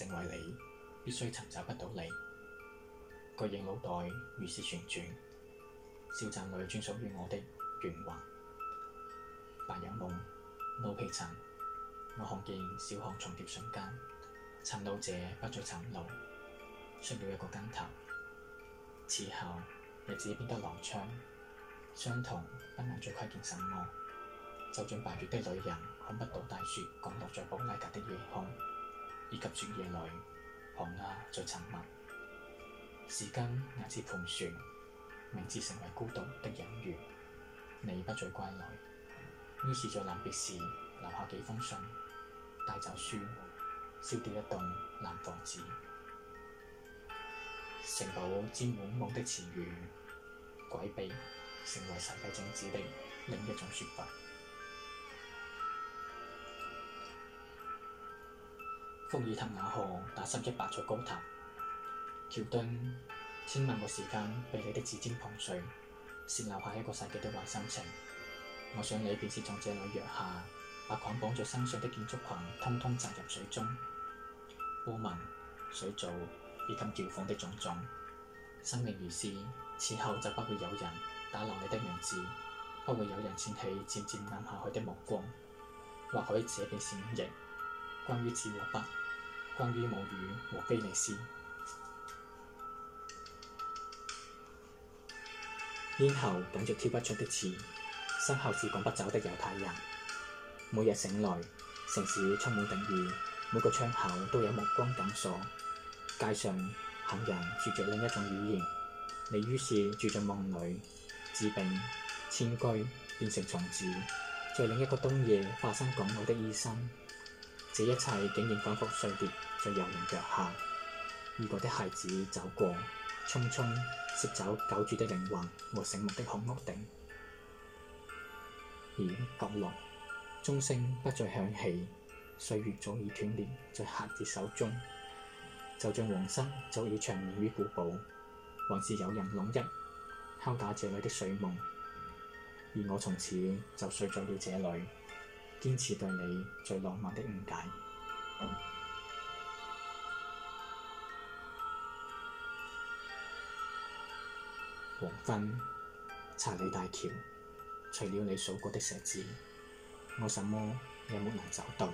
成為你，必須尋找不到你。巨型腦袋如是旋轉，小站鎮裏專屬於我的眩暈。白日夢，腦皮層，我看見小巷重疊瞬間。尋路者不再尋路，摔了一個跟頭。此後，日子變得踉蹌，雙瞳不能再窺見什麼。就像八月的旅人看不到大雪，降落在布拉格的夜空。以及雪夜裡，寒鴉在沉默。時間兀自盤旋，名字成為孤獨的隱喻。你不再歸來，於是在，在臨別時留下幾封信、帶走書、燒掉一棟藍房子。城堡沾滿夢的詞語，詭秘成為世界靜止的另一種説法。伏爾塔瓦河打濕一百座高塔、橋墩，千萬個時間被你的指尖碰碎，洩露下一個世紀的壞心情。我想你便是從這裏躍下，把捆綁在身上的建築群通通擲入水中，波紋、水藻，以及搖晃的種種。生命如斯，此後就不會有人打撈你的名字，不會有人濺起漸漸黯下去的目光。或許這便是忤逆，關於紙和筆。關於母語和菲莉絲，咽喉長著挑不出的刺，身後是趕不走的猶太人。每日醒來，城市充滿敵意，每個窗口都有目光緊鎖。街上行人説着另一種語言，你於是住進夢裡，治病遷居，變成蟲子，在另一個冬夜化身趕路的醫生。這一切竟然反覆碎裂，在遊人腳下，異國的鞋子走過，匆匆攝走久駐的靈魂和醒目的紅屋頂，而角落，鐘聲不再響起，歲月早已斷裂在瞎子手中，就像王室早已長眠於古堡，還是有人絡繹敲打這裡的睡夢，而我從此就睡在了這裡。堅持對你最浪漫的誤解。Oh. 黃昏，查理大橋，除了你數過的石子，我什麼也沒能找到。